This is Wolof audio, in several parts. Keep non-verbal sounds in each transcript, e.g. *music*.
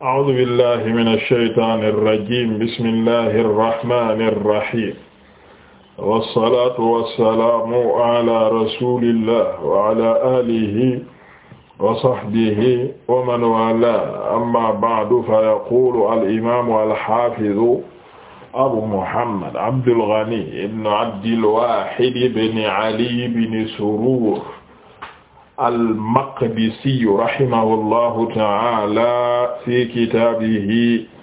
a'uuzu billahi mina shaytaani rajiim bismillahi rahmaani rahiim wassalaatu wassalaamu ala rasuulillah wa ala aalihi wa sahbihi wa man waalaahu amma ba'du fa yaquulu al-imaamu al-haafizu abu muhammad abdul ghani ibn abdil waahid ibn ali ibn suruur al-Maqdisiyu rahimahullahu ta'ala fi kitaabihi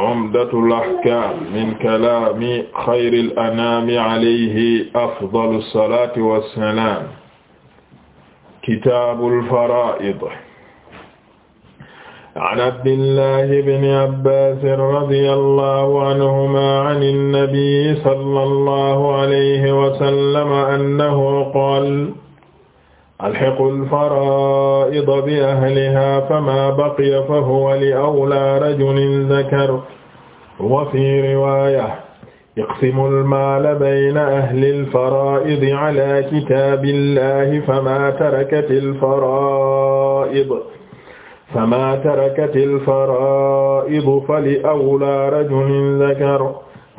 Umdatul Ahkaam min kalaami xayril anaami alayhi afdalu salaati wa salaam kitaabul faraa'id an Abdillahi bni Abbaas radiyallahu anhumaa an an-nabiyyi sallallahu alayhi wa sallam annahu qaala alhiqu alfaraida bi ahliha fama baqiya fahuwa li awla rajulin dakar wa fi riwaya iqsimu almaala bayna ahli alfaraidi ala kitaabillahi fama tarakat alfaraid fama tarakat alfaraidu fali awla rajulin dakar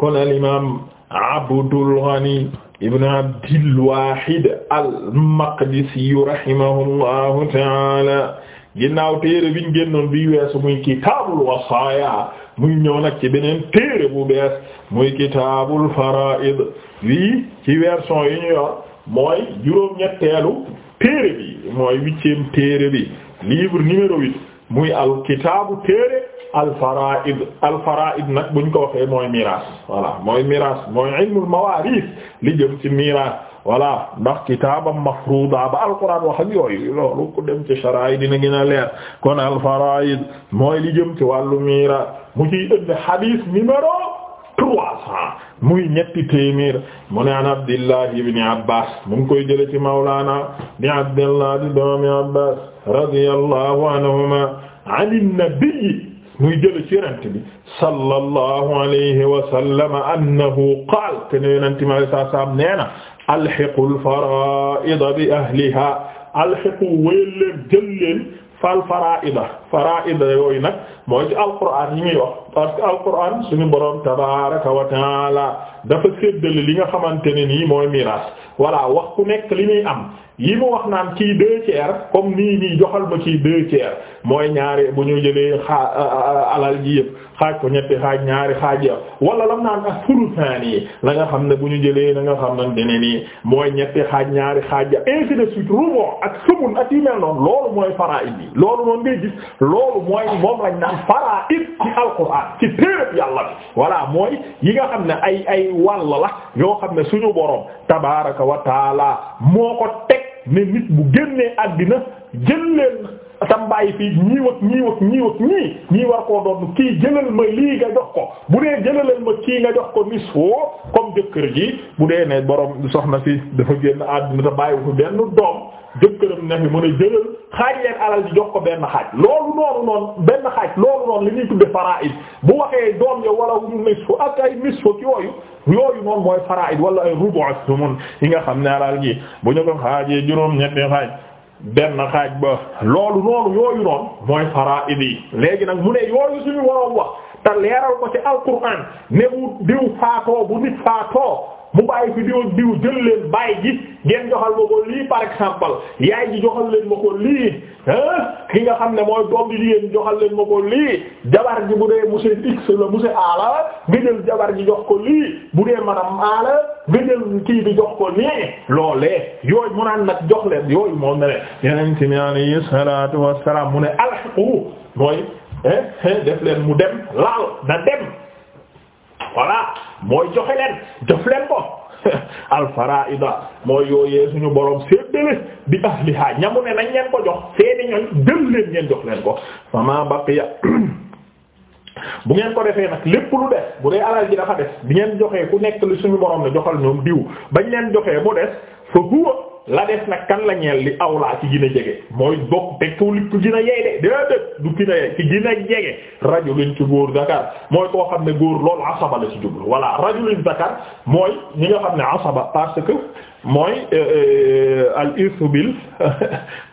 kon alimam Abdul Ghani ibn Abdil Wahid al-Maqdissî rahimahullahu ta'ala ginnaaw téere biñ génnoon bi weesu muy kitaabul wasaaya muy ñëw nag ci beneen téere bu bees muy kitaabul faraa'id bii ci version yi ñu yor mooy juróom-ñetteelu téere bi mooy huitième téere bi livre numéro huit muy al kitaabu téere al faraa'id al faraa'id nag buñ ko waxee mooy miraas voilà mooy miraas mooy ilmul mawaariis li jëm ci miraas voilà ndax kitaabam mafruuda ba alquran wax ak yooyu loolu ku dem ci sharaay dina leer kon alfaraid mooy li jëm ci wàllu miira mu ciy ënd hadith numéro trois cents muy mu ne an abdillah mu ngi koy jële ci mawlaana di abdillah di doomi abbas radiyallahu anhuma an nabi muy jële ci bi sallallahu alayhi wa sallam alxiqul faraa'ida bi ahliha alxiqu wéy leen jël leen fal faraa'ida faraa'ida yooyu nag mooy ci alquran yi muy wax parce que alquran suñu borom tabaaraka wa taala dafa séddale li nga xamante ne nii mooy miraas voilà wax ku nekk li muy am yi mu wax naan kii deux tiers comme nii nii joxal ma kii deux tiers mooy ñaari bu ñu jëlee xaa alal ji yëpp xaaj ko ñetti xaaj ñaari xaaj ya wala lam naan ak fulufaan yi la nga xam ne bu ñu jëlee la nga xam ne nii mooy ñetti xaaj ñaari xaaj ya ainsi de suite rubo ak sumun ak yi mel noonu loolu mooy faraa'id ci alquran ci téereb yàlla bi voilà mooy yi nga xam ne ay ay wàll la yoo xam ne suñu boroom tabaaraka wa moo ko teg ne nit bu génnee àddina jël leen tam bàyyi fii ñii ak ñii ak ñii ak ñii war koo doon kii jëlal ma lii nga jox ko bu dee jëlalal ma kii nga jox ko nis woo comme jëkkër ji bu dee ne borom soxna si dafa génn àdduna te bàyyi wu benn doom jëkkëram ne fi mu ne jëlal xaaj leen alal ji jox ko benn xaaj loolu noonu noonu benn xaaj loolu noonu li ñuy tudde faraid bu waxee doom ay nisfu yooyu yooyu mooy faraid wala ay rubu' as-sumun yi nga xam ne alal ji bu ñu ko xaajee juróom ñetti xaaj benn xaaj ba loolu noonu yooyu noonu mooy faraid yi léegi nag mu ne yooyu suñu waroon wax te leeral ko ci alquran ne bu diw faatoo bu nit faatoo bu bàyyi fi diw diw jël leen bàyyi ji ngeen joxal ma ko lii par exemple yaay ji joxal leen ma ko lii ki nga xam ne mooy doom ji jigéen joxal leen ma ko lii jabar ji bu dee monsieur X la monsieur A la nga jabar ji jox ko lii bu dee madame A la nga jël kii bi jox ko nii loolee yooyu mu naan nag jox leen yooyu moom ne yeneen ci alayhi salaatu wassalaam mu ne alxaqu mooy def leen mu dem laal na dem voilà mooy joxe leen jox leen ko *laughs* alfaraida mooy yooyee suñu borom séddale bi ahliha ñamu ne nañ leen ko jox seeni ñoñ dël leen ngeen jox leen ko fama baqiya *clears throat* bu ngeen ko defee nag lépp lu des bu dee alal ji dafa des bi ngeen joxee ku nekk li suñu borom ne joxal ñoom diw bañ leen joxee mu des fa huwa la des nag kan la ñeel li awlaa ci gën jege mooy bokk tegtuwul ku gën a yey de déedéet du gën a yey ci gën jege rajulin ci góor zakar mooy koo xam ne góor loolu asaba la ci jublu voilà rajulin zakar mooy ñi nga xam ne asaba parce que mooy euh, euh, al irsu bil *laughs*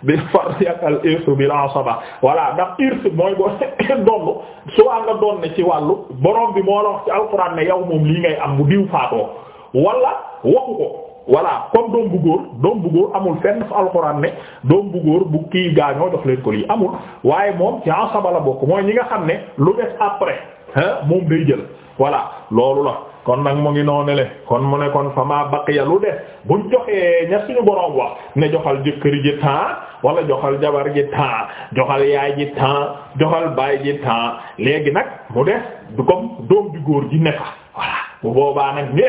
bil fardi ak al irsu bil asaba voilà ndax irsu mooy boo *laughs* donn suwaa nga doon ne ci wàllu borom bi moo la wax ci alxuraan ne yow moom lii ngay am bu diw faatoo wala waxu ko voilà comme doom bu góor doom bu góor amul fenn fa alxuraan ne doom bu góor bu kii gaañoo jox leen ko lii amul waaye moom ci asaba la bokk mooy ñi nga xam ne lu des après hein moom day jël voilà loolu la kon nag mu ngi noonele kon mu ne kon fa maa baqiya lu des buñ joxee ña suñu borom wax ne joxal jëkkër ji temps wala joxal jabar ji temps joxal yaay ji temps joxal baay ji temps léegi nag mu des comme doom bi góor ji ne fa bu boobaa nag ñu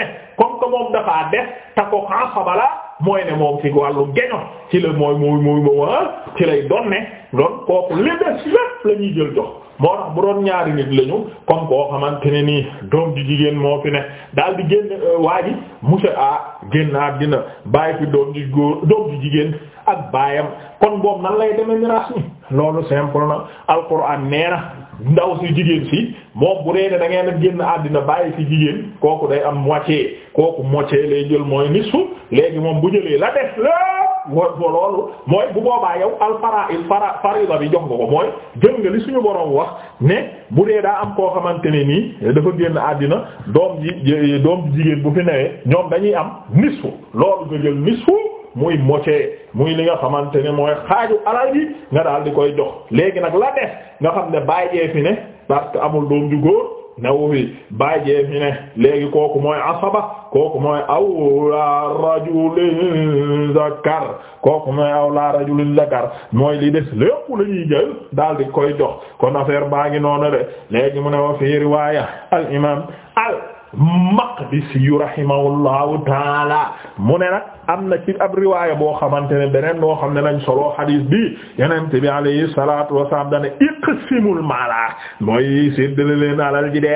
comme que moom dafaa def te ko xaasabala mooy ne moom ci wàllu geño ci la mooy mooy mooy moom ci lay doon ne doon kooku li des lépp jël jox moo tax bu doon ñaari nit lañu comme koo xamante ne nii doom ji jigéen moo fi ne daal di génn euh, waa ji monsieur a génn àddina bàyyi fi doom ji góor doom ji jigéen ak baayam kon boobu nan lay demee miraas mi loolu simple na alxuraan nee na ndaw si jigéen si moom bu dee ne da ngeen a génn àddina bàyyi si jigéen kooku day am moitié kooku moitié lay jël mooy nisfu léegi moom bu jëlee la def lépp wa loolu mooy bu boobaa yow alfara il fara farida bi jox nga ko mooy jël nga li suñu borom wax ne bu dee daa am koo xamante ne nii dafa génn àddina doom ji doom jigéen bu fi newee ñoom dañuy am nisfu loolu nga jël nisfu muy moitié muy li nga xamante ne mooy xaaju alal ji nga daal di koy jox léegi nag la def nga xam ne bàyyee fi ne parce amul doom ju góor newu fi bàyyee fi ne léegi kooku mooy asaba kooku mooy awla rajulin zakar kooku mooy awla rajulin zakar mooy li des lépp la ñuy jël daal di koy jox ko affaire baagi ngi noonu de léegi mu ne wa fi riwaaya al imam al Maqdisi yu rahimahullahu taala mu ne nag am na ci ab riwaaya boo xamante ne beneen boo xam ne lañ solo xadiis bi yonent bi alayhi salaatu wa salaam dane iqsimul maala mooy séddale leen alal ji de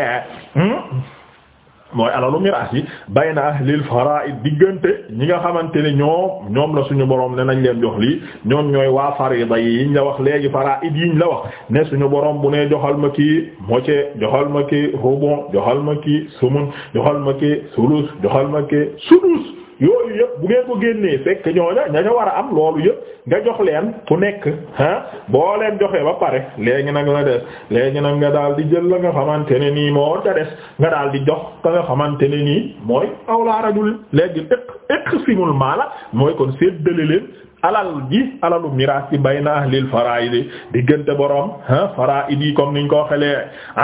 hmm? mooy alalu miraas yi bayna ahlil it diggante ñi nga xamante ne ñoom ñoom la suñu borom ne nañ leen jox lii ñoom ñooy waa farida yi yiñ la wax léegi it yiñ la wax ne suñu borom bu ne joxal ma kii moitié joxal ma kii rubu joxal ma kii sumun joxal ma kii sulus joxal ma kii sudus yooyu yëpp bu ngeen ko génnee fekk ñooña ña war a am loolu yëpp nga jox leen ku nekk ah boo leen joxee ba pare léegi nag la des léegi nag nga daal di jël la nga xamante ne nii moo ta des nga daal di jox ka nga xamante ne nii mooy awla rajul léegi ëq ëq simul maala mooy kon séddale leen alal ji alalu miraas ci bayna ahlil faraa'id diggante borom ah faraa'id yi comme niñ ko xelee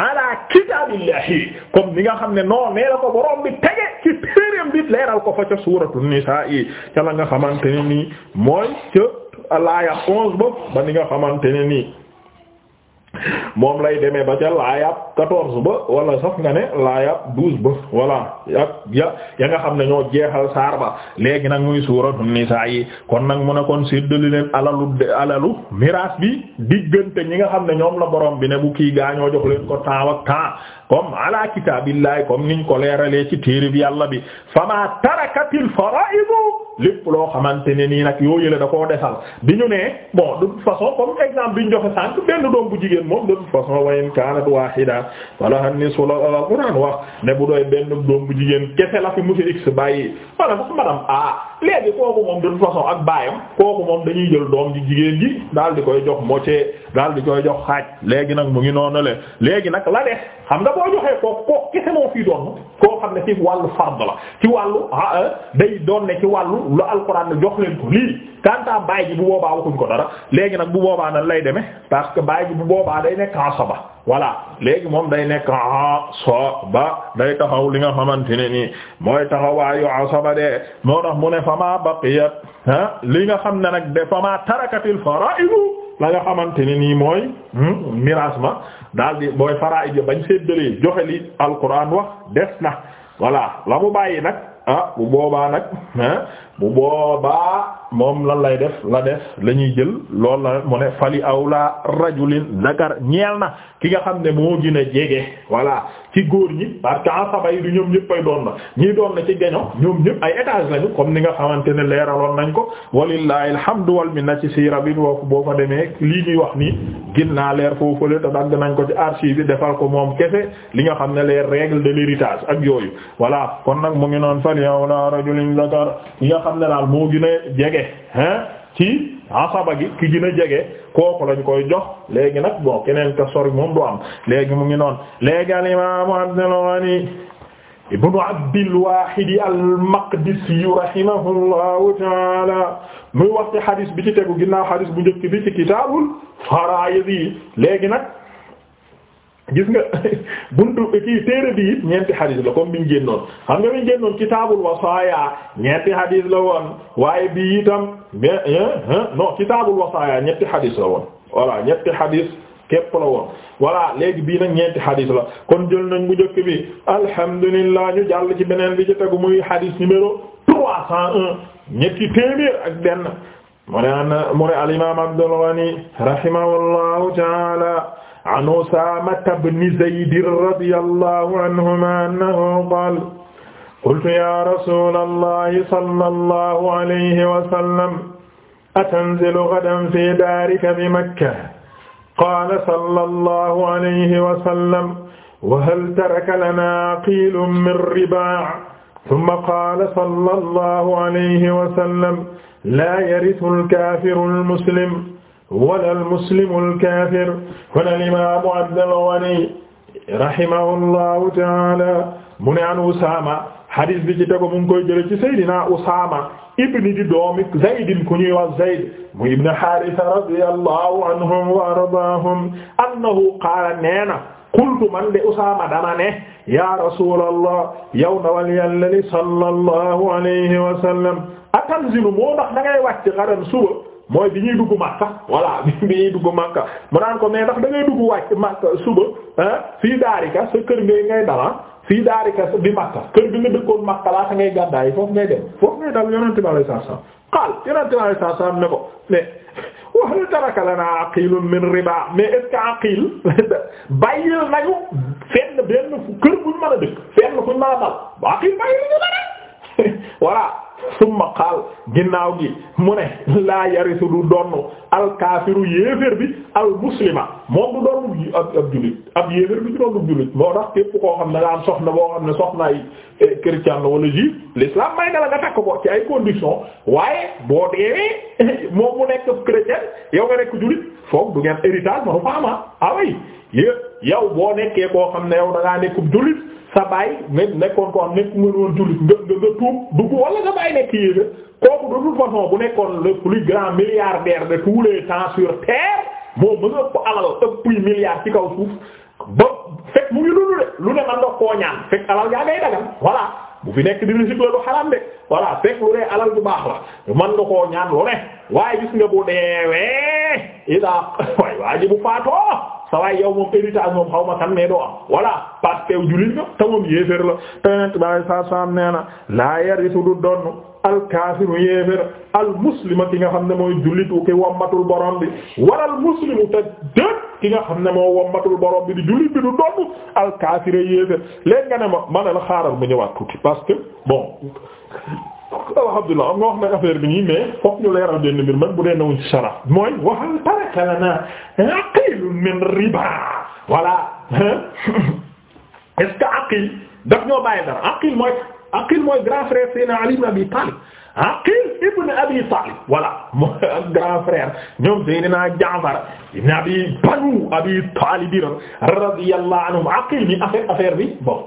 ala kitaabillahi comme nga xam ne non nee ko borom bi tege ci téereem bi leeral ko fa suuratu nisaa yi ca la nga xamante ne nii mooy ca laaya ba ba ni nga xamante ne nii. moom lay demee ba ca laayab quatorze ba wala sax nga ne laayab douze ba voilà ak ya ya nga xam ne ñoo jeexal saar ba léegi nag muy suuratu nisaa yi kon nag mu ne kon séddali leen alalu alalu miraas bi diggante ñi nga xam ne ñoom la borom bi ne bu kii gaañoo jox leen ko temps ak temps comme ala kitaabillahi comme niñ ko leeralee ci bi yàlla bi fama tarakatil faraidu lépp loo xamante ne nii nag yoo la da koo defal bi ñu nee bon de toute façon comme exemple bi ñu joxe sànq benn doom bu jigéen moom de toute façon wa in kaanat waahida wala nisfu la alquran wax ne bu doy benn doom bu jigéen kese la fi mu X bàyyi wala sax madame a léegi kooku moom de façon ak baayam kooku moom dañuy jël doom ji jigéen ji daal di koy jox moitié daal di koy jox xaaj léegi nag mu ngi noonu léegi nag boo joxee kooku kooku kese moo fii doon koo xam ne ci wàllu fard la ci wàllu ah, ah, day doon ne ci wàllu lu alxuraan ne jox leen ko lii kanta baay bu boobaa waxuñ ko dara léegi nag bu boobaa nan lay demee parce que baay ji bu boobaa day nekk asaba voilà léegi moom day nekk asaba day taxaw li nga xamante ne nii mooy taxawaayu asaba de moo tax mu ne fama baqiyat ah li nga xam ne nag de fama tarakatil fara'idu la nga xamante ne nii mooy hmm, miraas ma daal di mooy ji bañ séddalee joxe li alquran wax des na voilà la mu bàyyi nag ah bu boobaa nag ah, bu boobaa moom lan lay def la def la ñuy jël lool la mu ne fali awla rajulin zakar ñeel na ki nga xam ne moo gën a jege voilà ci góor ñi parce que asaba yi du ñoom ñëpp doon na ñii doon na ci gaño ñoom ñëpp ay étage lañu comme ni nga xamante ne leeraloon nañ ko walillahi alhamdu wal minna ci siira bi boofu boo fa demee lii ñuy wax nii gën naa leer foofule te dagg nañ ko ci archive bi defal ko moom kese li nga xam ne les règles de l'héritage ak yooyu voilà xam ne daal moo gën jege hein ci asaba gi ki gën jege kooku lañ koy jox léegi nag bon keneen ka sori moom du am léegi mu ngi noon noonu léegi al imaamu Abdul Ghani ibnu Abdil Waahid al-Maqdisi rahimahullahu taala muy wax ci xadis bi ci tegu ginnaaw xadis bu njëkk bi ci kitaabul faraa'id léegi nag gis nga *laughs* buntu kii téere bi it ñeenti xadis la comme biñ génnoon xam nga biñ génnoon kitaabul wasaaya ñeenti xadis la woon waaye bi itam mais eh, eh, non kitaabul wasaaya ñetti xadis la woon voilà ñetti xadis képp la woon voilà léegi bii nag ñeenti xadis la kon jël nañ bu njëkk bi alhamdulillah ñu jàll ci beneen bi ci tegu muy xadis numéro 301 ñetti téeméer ak benn mu ne an mu al imaam Abdul Ghani rahimahullahu taala an Usaamata bni Zayd radiyallahu anhumaa annahu qaala qultu yaa rasuulallahi sallallahu alayhi wa sallam atanzilu gadan fii daarika bi Makka qaala sallallahu alayhi wa sallam wa hal taraka lanaa aqiilun min ribaa' thumma qaala sallallahu alayhi wa sallam laa yarithu al-kaafiru al-muslim wala almuslimu alkafir kon alimamu abdalgani rahimahullahu taala mu ne an Usaama hadis bi ci tego mu ngi koy jële ci Seydina Usaama ibni di doomi Zaydin ku ñuy wax Zayd mu ibn Haarisa radiyallahu anhum wa ardaahum annahu qaala neena qultu man de Usaama dama ne ya rasuulallah yow ndawal yàlla li sallallahu alayhi wa sallam atanzilu moo ndax da ngay wàcc xaram suba mooy bi ñuy dugg Makka voilà *laughs* bi ñuy dugg Makka mu naan ko mais ndax da ngay dugg wàcc Makka suba ah fii daarika sa kër ngay ngay dala ah? fii daarika bi Makka kër bi nga dëkkoon Makka laata ngay gàddaay ngay dem foofu ngay dal yonente bi alayhi salaam xaal yonente bi alayhi salaam ne ko mais *laughs* wa hal taraka lanaa aqilun min riba mais est-ce que aqil *laughs* bàyyil nañu fenn benn kër buñ mën a dëkk fenn fuñ mën a dal aqil bàyyil ñu dara voilà summa qaal ginnaaw gi mu ne laa yarisu du donnu alkaafiru yéeféer bi almuslima moom du doon ab ab jullit ab yéeféer bi du doon ab jullit moo tax képp koo xam ne nga soxla soxna boo xam ne soxnaay eh, chrétien la wala juif l'islam may na la nga takk ko ci ay conditions waaye boo deewee *laughs* moom mu nekk chrétien yow nga nekk jullit foog du ngeen héritage manu faama away ah yow boo nekkee koo xam ne yow da ngaa jullit sa baay même nekkoon ko am nekk mën woon jullit nga nga tuub dugg wala sa baay nekk yéega kooku de toute façon bu nekkoon le plus grand milliardaire de tous les temps sur terre moo mën a ëpp alal ëpp milliard ci kaw suuf ba fekk mu ngi lu lu ne lu ne man dox koo ñaan fekk alal yaa ngay dagal voilà bu fi nekk di récible lu xaram de voilà fekk lu dee alal bu baax la man nga koo ñaan lu ne waaye gis nga bu deewee idaa waay waa ji bu faatoo sa waay yow moom héritage moom xaw ma kan ne doo am voilà parce que jullit nga te moom la te yonent bi sallallahu alayhi wasallam nee na laa yarisu du donn alkaafiru yéefér almuslima ki nga xam ne mooy jullitu ki wammatul borom bi waral muslimu te dëkk ki nga xam ne moo wammatul borom bi di jullit bi du donn alkaafire yéefér léegi nga ne ma ma xaaral mu ñëwaat tuuti parce que bon alhamdulilah am nga wax nag affaire bi nii mais fokk ñu leeral benn mbir man bu dee nawuñ ci sharaf mooy waxal taraka lana aqilun min riba voilà *laughs* est-ce que daf ñoo bàyyi dara aqil mooy Aqil mooy grand frère Seydina Ali ibn Abi Talib Aqil ibn Abi Talib voilà mooy grand frère ñoom Seydina Jaafar ibn Abi Banu Abi Talib radiyallahu anhum Aqil bi affaire affaire bi bon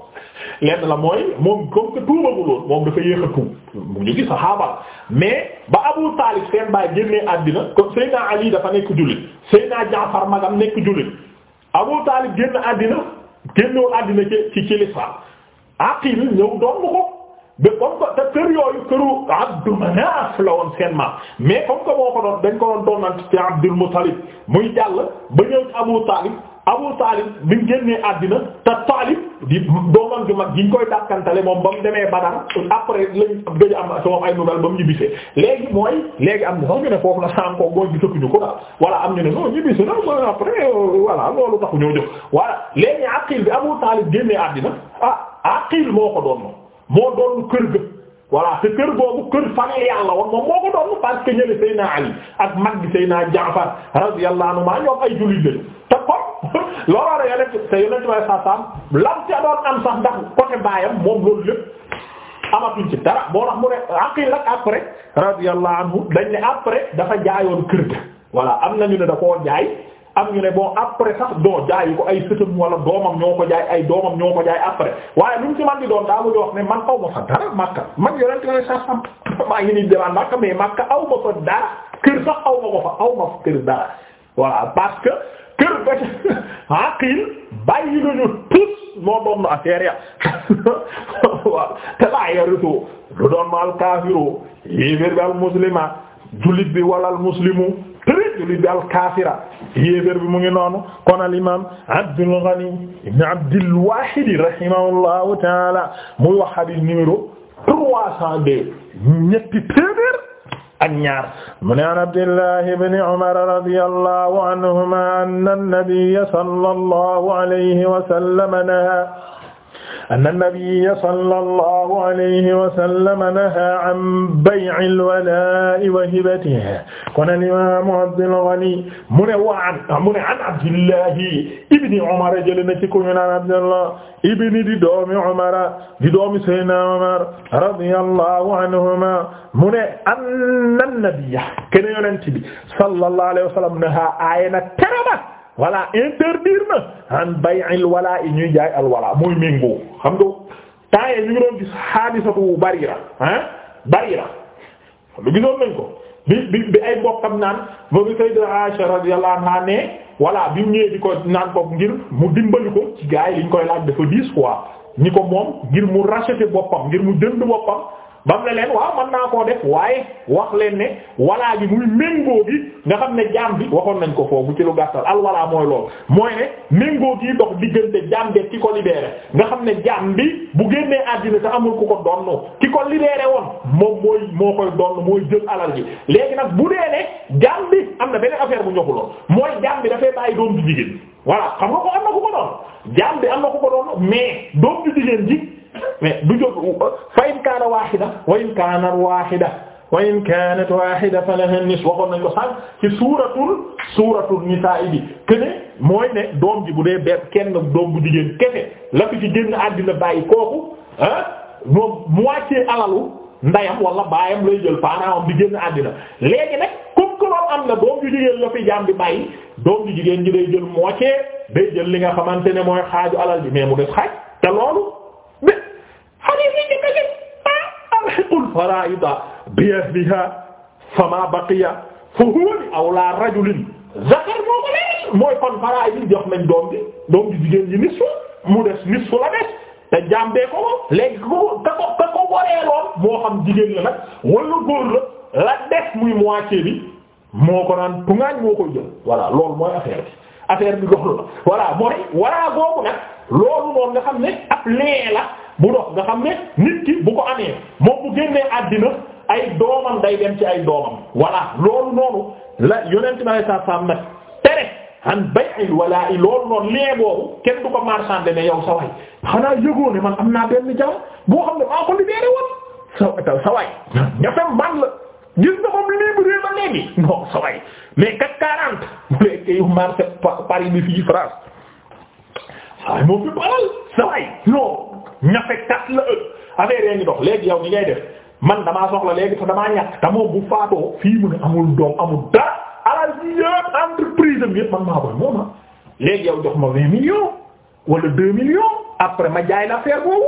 lenn la mooy moom comme que tuubagul woon moom dafa yéex a tuub mu ngi saxaaba mais ba Abu Talib seen baay génnee àddina comme Seydina Ali dafa nekk jullit Seydina Jaafar magam nekk jullit Abu Talib génn àddina génnoon àddina ci ci l'islam Aqil ñëw doon ko. de comme que te kër yooyu këru Abdu Manaaf la ko doon dañ ko doon doonal ci Abdul Muttalib muy jàll ba ñëw ci Abu Taalib Abu Taalib bi mu àddina te Taalib di doomam ju mag giñ koy dàkkantale moom ba mu demee Badar après lañ gëj am si moom ay nouvelle ba léegi mooy léegi am na sax ñu ne foofu la sànkoo mooy gisatuñu ko daal am ñu ne non ñibbisi na mooy après euh, voilà loolu taxu ñoo jóg voilà léegi Aqil bi Abu Taalib génnee àddina ah Aqil moo ko doon moom moo doon kër ga voilà te kër googu kër familial la woon moom moo ko doon parce que ñële Seyna Ali ak mag bi naa Jaafar radiyallahu anhu maa ñoom ay jullit lañu te comme a rek yonent te yonent waaye saa saam lam ci doon am sax ndax côté baayam moom loolu lépp amatuñ ci dara boo tax mu ne aqil ak après radiyallahu anhu dañ ne après dafa jaayoon kër ga voilà am nañu ne da koo jaay am ñu ne bon après sax doo jaayu ko ay sëtam wala doomam ñoo ko jaay ay doomam ñoo ko jaay après waaye lu mu man di doon daa mu ne man aw ma fa dara makka man yonent na sa sam maa ngi nii demaan makka mais makka aw ma fa dara kër sax aw ma ko fa aw ma fa kër dara voilà parce kër ba aqil *laughs* ah bàyyi nañu tous moo doon na affaire ya *laughs* waaw te laa yaritu lu doon ma al kaafiru yéeféer bi al muslima jullit bi wala al muslimu jullit bi al yéeféer bi mu ngi noonu kon al imam Abdul Ghani ibn Abdul Wahid rahimahullahu taala muy wax hadith numéro trois cent deux ñetti téeméer ak ñaar mu ne an Abdullahi ibn Umar radiyallahu anhuma anna an-nabiyya sallallahu alayhi wa sallam naha anna nabiyya sallallahu alayhi wa sallam nahaa an bay'il walaa'i wa hibatihi kon al-imaam Abdul Ghani mu ne waan mu ne an Abdillahi ibni Umar jëlee na ci ku ñu naan Abdullah ibni di doomi Umar di doomi Seydina Umar radiyallahu anhuma mu ne anna nabiyya kenn yonent bi sallallahu alayhi wa sallam nahaa aayana tereba voilà interdire na an bay'il walaa i ñuy jaay al walaa mooy méngoo xam nga temps yii ñu gis xaadisatu Barira ah Barira lu gisoon nañ ko bi bi bi ay bokkam naan ba bi Sayyida Aisha radiyallahu anha ne voilà bi mu ñëwee di ko naan ko ngir mu dimbali ko ci gaa yi liñ koy laaj dafa diis quoi ñi ko moom ngir mu racheter boppam ngir mu jënd boppam. ba mu ne leen waaw mën naa koo def waaye wax leen ne walaa bi muy méngoo gi nga xam ne jaam bi waxoon nañ ko foofu ci lu gàttal al walaa mooy lool mooy ne méngoo gi dox diggante jaam bi ki ko libéré nga xam ne jaam bi bu génnee àddina te amul ku ko donnu ki ko libéré woon moom mooy moo koy donn mooy jël alal ji léegi nag bu dee ne jaam bi am na beneen affaire bu ñu waxuloon mooy jaam bi dafay bàyyi doom ju jigéen voilà xam nga ko am na ku ko doon am na ku ko doon mais mais du jóg fa in kaana waahida wa in kaana waahida wa in kaanat waahida falaha nis waxoon nañ ko sànq ci suuratul suuratul nisaa bi que ne mooy ne doom ji bu dee benn kenn doom bu jigéen kese la fi ci génn àddina bàyyi kooku ah moom moitié alalu ndeyam wala baayam lay jël parent am bi génn àddina léegi nag comme que am na doom ju jigéen la fi jaam bi bàyyi doom ju jigéen ji day jël moitié day jël li nga xamante ne mooy xaaju alal bi mais mu def xaaj. faraida bi ahliha fama baqiya fa huwa li awla rajulin zakar moo ko leer mooy kon jigéen ji la des te jaam bee ko ko léegi ko ka ko ko waree lool moo xam jigéen la nag wala góor la la des muy moitié bi moo ko naan tungaañ moo koy jël voilà loolu mooy affaire bi affaire bi doxul la voilà mooy waraa googu nag loolu noonu nga xam ne ab lee la bu dox nga xam ne nit ki bu ko amee moom bu génnee àddina ay doomam day dem ci ay doomam voilà loolu noonu la yonent bi saa saam nag tere an bay'il walaa'i loolu noonu lien kenn du ko marchander ne yow sa xanaa yëgoo ne man am naa benn jàmm boo xam ne maa ko libéré woon sa sa waay ñafem man la gis nga moom libéré ba léegi non sa waay mais quatre quarante mu leeg yu marché Paris bi fii France waay moom fi baral sa waay ñafekat la ëpp affaire yaa ngi dox léegi yow ni ngay def man damaa soxla léegi te damaa ñàkk te moom bu faatoo fii mu ne amul doom amul dara alal ji yëpp man maa koy moom ah léegi yow ma vingt millions wala deux millions après ma jaay l'affaire boobu.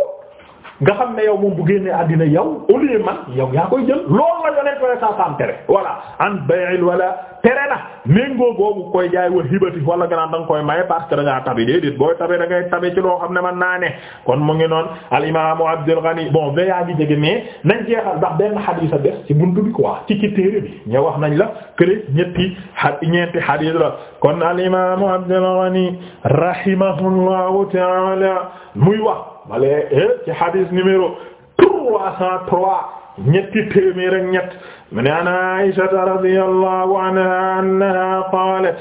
nga xam ne yow moom bu génnee àddina yow au lieu man yow yaa koy jël loolu la yonent wala saa saam tere voilà an bay'il wala tere na méngoo boobu koy jaay wa hibati wala nga naan da nga koy maye parce que da ngaa tabi booy tabe da ngay ci loo xam ne man naa ne kon mu ngi noon al imaamu Abdul Ghani bon ba yaa ngi jege mais nañ jeexal ndax benn xadiis a des ci buntu bi quoi ci ci téere bi ña wax nañ la kële ñetti xa ñeenti xadiis la kon al imaamu Abdul Ghani rahimahullahu ta'ala muy wax ma lee eh, ci hadith numéro trois cent trois ñetti téeméer ak ñett mu ne an Aisha radiyallahu anha annaha qalat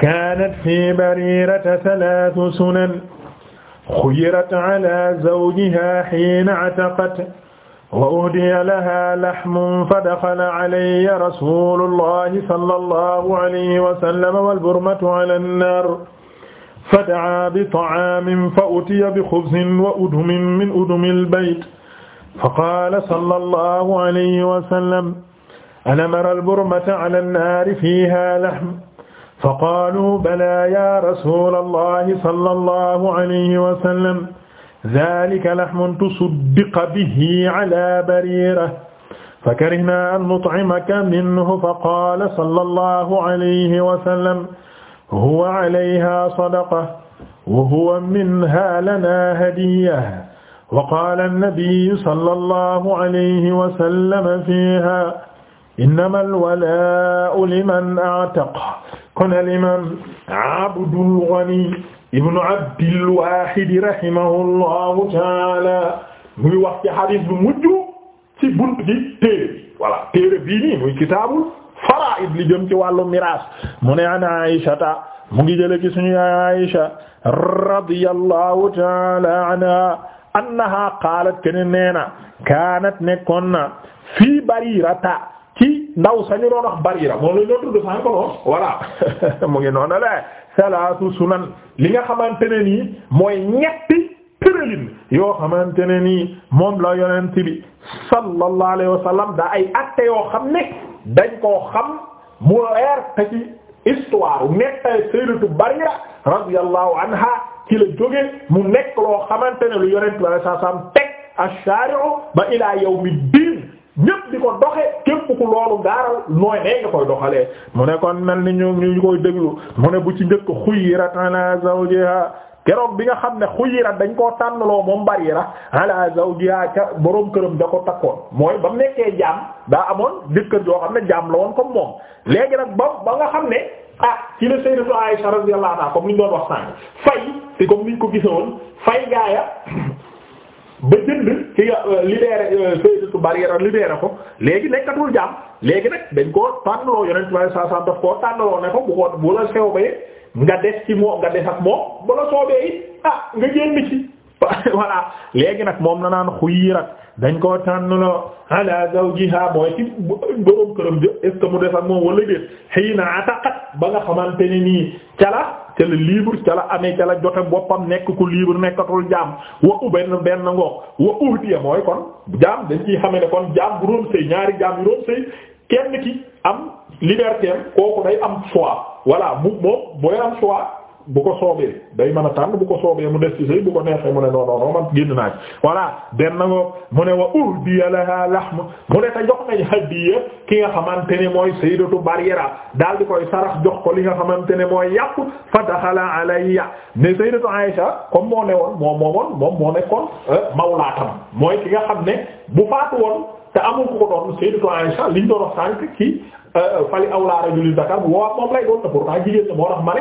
kanat fi barirata thalathu sunan xuyirat ala zawjiha hina ataqat wa uhdiya laha lahmun fa daxala alayya rasulullahi sallallahu alayhi wa sallam wal burmatu ala an-nar فدعا بطعام فأتي بخبز وأدهم من أدم البيت فقال صلى الله عليه وسلم أنمر البرمة على النار فيها لحم فقالوا بلى يا رسول الله صلى الله عليه وسلم ذلك لحم تصدق به على بريرة فكرهنا أن نطعمك منه فقال صلى الله عليه وسلم huwa alayha sadaqa wa huwa minha lana hadiya wa qaala annabiyu sallallahu alayhi wa sallam fiha innama alwalaa'u liman a'taqa kon alimam Abdul Ghani ibnu Abdil Waahid rahimahullahu taala muy wax ci hadiis bu mujj ci bunt bi téere voilà téere bii nii muy kitaabul faraa'id li ci wàllu miraas mu ne an Aysata mu ngi jële ci suñu Aysa radiyallahu ta'ala anha annaha qaalat kene neena kaanat nekkoon na fii Bariirata ci ndaw sañu doon wax moo la ñoo tudd *laughs* salaatu sunan li nga xamante ne mooy ñetti tëralin yoo xamante ne nii moom la yonent bi sallallahu alayhi wa sallam ay actes yoo xam ne dañ koo xam mu leer te ci histoire nettay sayyidatu Barira radiyallahu anha ci la jóge mu nekk loo xamante ne lu yonent bi sallallahu alayhi wa sallam teg ash-shari'u ba ilaa yawmi di ko doxe képp ku loolu gaaral nooy nee nga koy doxalee mu ne kon mel ni ñu koy déglu mu ne bu ci njëkk xuyyirat ala zawjiha keroog bi nga xam ne xuyira dañ koo tànnaloo moom Barira ala zawjiha ca boroom këram da ko takkoon mooy ba mu nekkee jaam daa amoon jëkkër joo xam ne jaam la woon comme moom léegi nag ba ba nga xam ne ah ci la sayyidatu Aisha radiyallahu anha comme ni ñu doon wax sànq fay te comme niñ ko gisoon fay gaaya ba jënd ci euh, libéré euh, Sayyidatu Barira libéré ko léegi nekkatul jaam léegi nag dañ koo tànnaloo yonent bi saa saa daf koo tànnaloo ne ko bu ko sew la soobee nga des ci moom nga des ak moom bu soobee it ah nga génn ci *laughs* voilà léegi nag moom na naan xuyirat dañ koo tànnaloo ala zawjiha mooy ci borom këram jë est ce que mu des ak moom wala déet xëy na ataqat ba nga xamante ne nii cala ca la libre ca la amee ca jote boppam nekk ku libre nekkatul jaam wa benn benn ngoog wa uhdiya mooy kon jaam dañ ciy xamee ne kon jaam bu doon sëy ñaari jaam yu doon sëy kenn ki am liberté kooku day am choix voilà mu moom booy am choix. bu ko soobee day man a tànn bu ko soobee mu des ci sëy bu ko neexee mu ne non non non man génn naa ci voilà benn ngoo mu ne wa uhdiya laha lahm mu ne te jox nañ hadiya ki nga xamante ni mooy sayyidatu Barira daal di koy sarax jox ko li nga xamante ne mooy yàpp fa daxala alayya ne sayyidatu Aisha comme moo ne woon moo moomoon moom moo nekkoon euh, mawlaatam mooy ki nga xam ne bu faatu woon te amul ku ko doon sayyidatu Aisha liñ doon wax sànk Euh, fali awla rajulin zakar bu boobaa moom lay doon te pourtant jigéen la moo tax ma ne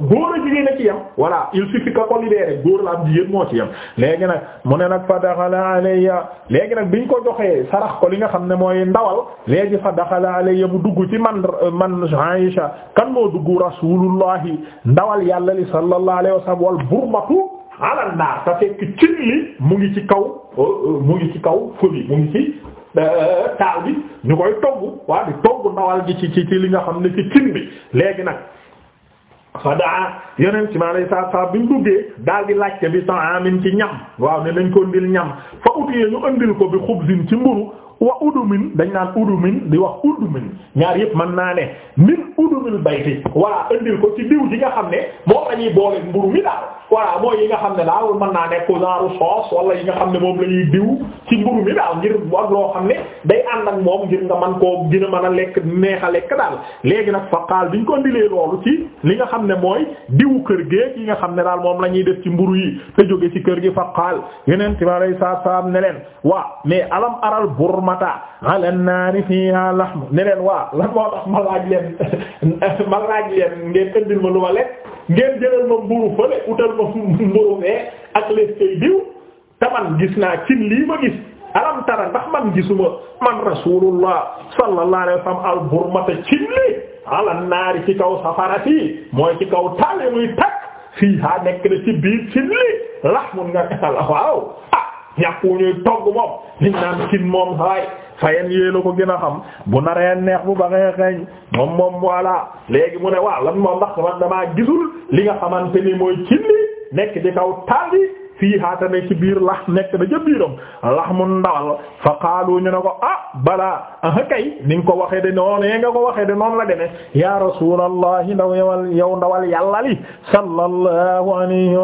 a jigéen a ci yem voilà il suffit que ko libéré góor la am jigéen moo ci yem. léegi nag mu ne nag fa daxala alayya léegi nag biñ ko joxee sarax ko li nga xam ne mooy ndawal léegi fa daxala alayya mu dugg ci man man Aisha kan moo dugg rasulullahi ndawal yàlla li sallallahu alayhi wasallam wal burmatu ala ta fekk cin li mu ngi ci kaw mu euh, ngi euh, mu ngi ci. Euh, taaw bi ñu koy togg waa di togg ndawal gi ci ci ci li nga xam ne ci cin bi léegi nag fa daa yeneen ci maanaam saa saa bi mu duggee daal di laajte bi sa amin ci ñam waaw ne nañ ko ndil ñam fa utiye ñu andil ko bi xubsin ci mburu wa udumin dañ naan udumin di wax udumin ñaar yëpp man naa ne min udumil bayti voilà andil ko ci diw ji nga xam ne moom la ñuy boole mburu mi daal voilà mooy yi nga xam ne daal mën naa nekk genre soos wala yi nga xam ne moom la ñuy diw ci mburu mi daal ngir xam ne day ànd moom ngir nga mën koo gën man a lekk neex a lekk daal léegi nag faqaal biñ ko ndilee loolu ci li nga xam ne mooy diw kër géeg yi nga xam ne daal moom la ñuy def ci mburu yi te jóge ci kër gi faqaal yeneen ci ma lay sa ne leen waaw mais alam aral bur almataa ala naari fiha lahmu ne leen waa lan moo tax ma laaj leen *laughs* ma laaj leen ngeen ëndil ma lu ma lekk ngeen jëlal ma mburu fële utal ma mburu fee ak les tay diw te man gis naa cin lii ma gis alam tara ndax man gisuma man rasulullah sallallahu alayhi wasallam al burmata cin lii ala naari ci kaw safara si mooy ci kaw taale muy takk fii ha nekk na ci biir cin lii lahmun nga *laughs* waaw yàpp wu ñuy togg moom liñ naan kin moom waaye fayen yéelu ko gën a xam bu naree neex bu ba ngay xeeñ moom moom voilà léegi mu ne waaw lan moom ndax man damaa gisul li nga xamante ni mooy cin li nekk di kaw taal bi fii haata ne ci biir lax nekk da ca biiram lax mu ndawal fa qaalu ñu ne ko ah balaa ah kay ni ko waxee de noonu nga ko waxee de noonu la deme ya rasulallahi ndaw yow ndawal yàlla li sallallahu alayhi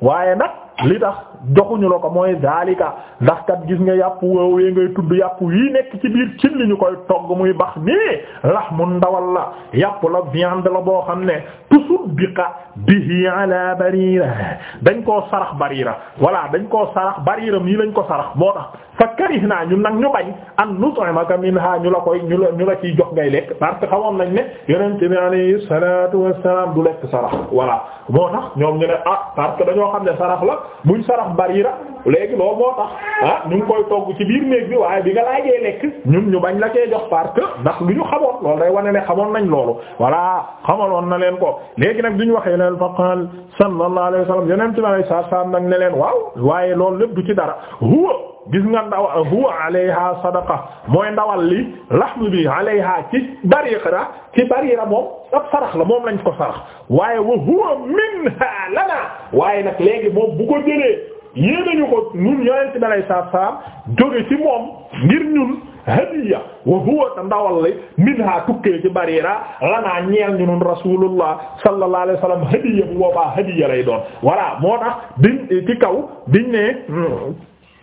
waaye nag li tax joxuñu la ko mooy daalika ndax kat gis nga yàpp woowee ngay tudd yàpp wii nekk ci biir cin li ñu koy togg muy bax nii lahmun ndawal la yàpp la viande la boo xam ne tusuddiqa bihi ala barira dañ koo sarax barira walla dañ koo sarax barira mii lañ ko sarax moo tax fa karihna ñun nag ñu bañ an nut'imaka minha ñu la koy ñu la ciy jox ngay lekk parce que xamoon nañ ne yonent bi alayhi salaatu wassalaam du lekk sarax voilà moo tax ñoom ñu ne ah parce que dañoo xam ne sarax la buñ sarax bariira léegi loolu moo tax ah ñu ngi koy togg ci biir néeg bi waaye bi nga laajee lekk ñun ñu bañ la cee jox parce que ndax lu ñu xamoon loolu day wane ne xamoon nañ loolu voilà xamaloon na leen ko léegi nag duñ waxee leen faqal sallallahu alayhi wasallam yonent bi alayhi salaatu wassalaam nag ne leen waaw waaye loolu lépp du ci dara gis nga ndaw huwa alayha sadaqa mooy ndawal li lahm bi alayha ci bariira ci bariira moom ab sarax la moom lañ ko sarax waaye wa huwa minha lana waaye nag léegi moom bu ko jëlee yéenañu ko ñun yonent bi alay salaam jóge ci moom ngir ñun hadiya wa huwa ta ndawal li minha tukkee ci bariira lanaa ñeel ñu nun rasulullah sallallahu alayhi wasallam hadiya boobaa hadiya lay doon voilà moo tax di ci kaw diñ ne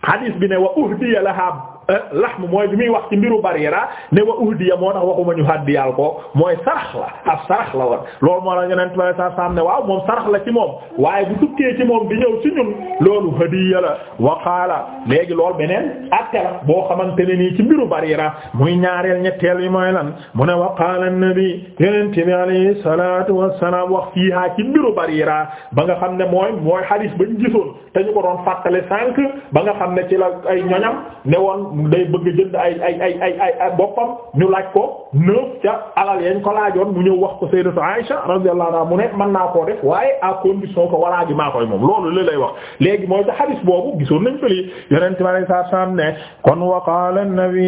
xadiis bi ne wa uhdiya laha Euh, laxm mooy bi muy wax ci mbiru bariira ne wa uhdiya moo tax waxuma ñu hàddiyaal ko mooy sarax la ab sarax la woon loolu moo la yonent bi saa moom sarax la ci moom waaye bu tukkee ci ñëw ci ñun loolu hadiya la waqaala léegi loolu beneen atte la boo xamante ne nii ci mbiru bariira muy ñaareel ñetteel yi mooy lan mu ne waqaala nabi yonent bi alayhi salaatu wassalaam wax fiihaa ci mbiru bariira ba nga xam ne mooy mooy ba bañ gisoon te ñu ko doon fàttale ba nga xam ne ci la ay ñoñam ne woon day bëgg jënd ay ay ay ay ay ay boppam ñu laaj ko neuf ca alal yañ ko laajoon mu ñëw wax ko sayyidatu Aisha radiyallahu anha mu ne mën naa koo def waaye à condition que walaa ji maa koy moom loolu li lay wax léegi mooy ta hadith boobu gisoon nañ fëli yonente bi alayhi salaatu wa salaam ne kon wa qaala an-nabi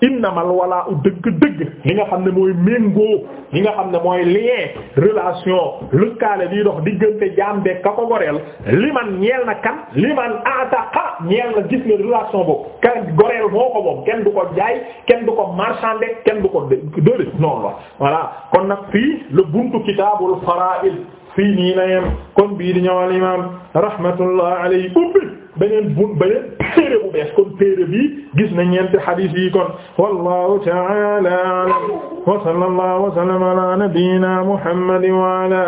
innamal walaa u dëgg-dëgg li nga xam ne mooy méngoo li nga xam ne mooy lien relation lëkkaale bii dox diggante jaam de ka ko goreel li man ñeel na kan li man ataqa ñeel na gis nga relation boobu ka goreel moo ko moom kenn du ko jaay kenn du ko marchandé kenn du ko dédé noonu la voilà kon nag fii le buntu kitaabul faraa'id fii nii la yem kon bii di ñëwal imam rahmatullah alayhi beneen bun beneen téere bu bees kon téere bi gis na ñeenti xadiis yi kon wallahu ta'ala a'lam wa sallallahu wa sallama ala nabiyyina muhammadin wa ala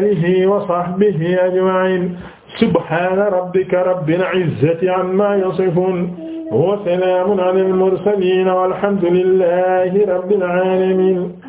alihi wa sahbihi ajma'in subhana rabbika rabbil izzati amma yasifun wa salamun ala al mursalin walhamdulillahi rabbil alamin